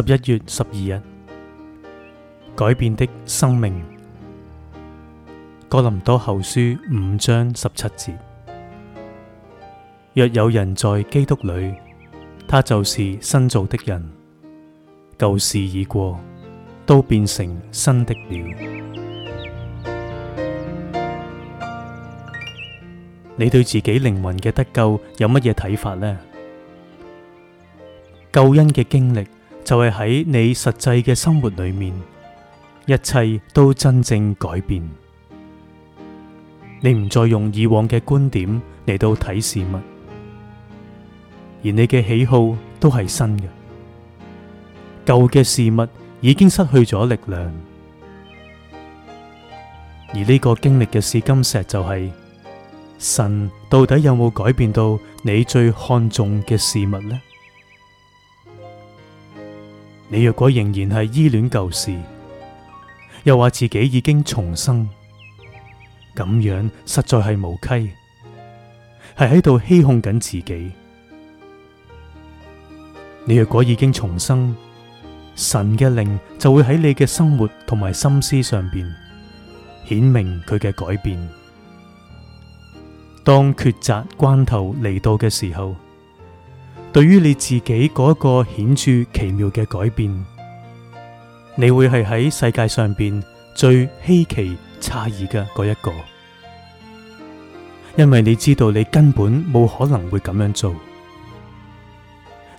十一月十二日，改變的生命。哥林多後書五章十七節：若有人在基督裏，他就是新造的人，舊事已過，都變成新的了。你對自己靈魂嘅得救有乜嘢睇法呢？救恩嘅經歷。就係喺你實際嘅生活裏面，一切都真正改變。你唔再用以往嘅觀點嚟到睇事物，而你嘅喜好都係新嘅。舊嘅事物已經失去咗力量，而呢個經歷嘅試金石就係、是、神到底有冇改變到你最看重嘅事物呢？你若果仍然係依戀舊事，又話自己已經重生，咁樣實在係無稽，係喺度欺哄緊自己。你若果已經重生，神嘅靈就會喺你嘅生活同埋心思上邊顯明佢嘅改變。當抉擇關頭嚟到嘅時候。對於你自己嗰一個顯著奇妙嘅改變，你會係喺世界上邊最稀奇詫異嘅嗰一個，因為你知道你根本冇可能會咁樣做。呢、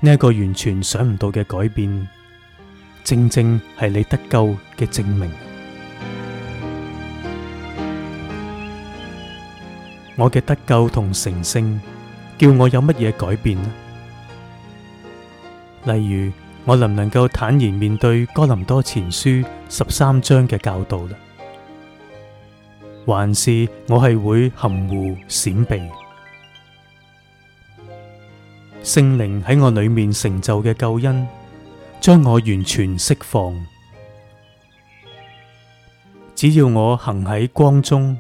這、一個完全想唔到嘅改變，正正係你得救嘅證明。我嘅得救同成聖，叫我有乜嘢改變呢？例如，我能唔能夠坦然面對哥林多前書十三章嘅教導呢？還是我係會含糊閃避？聖靈喺我裏面成就嘅救恩，將我完全釋放。只要我行喺光中，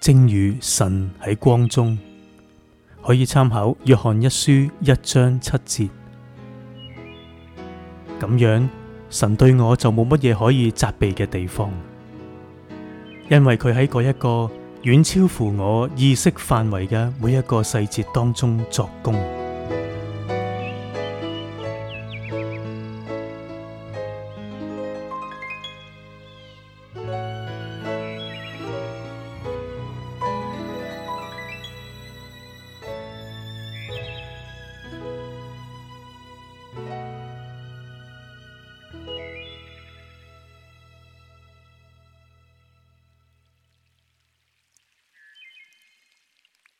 正如神喺光中，可以參考約翰一書一章七節。咁樣，神對我就冇乜嘢可以責備嘅地方，因為佢喺嗰一個遠超乎我意識範圍嘅每一個細節當中作工。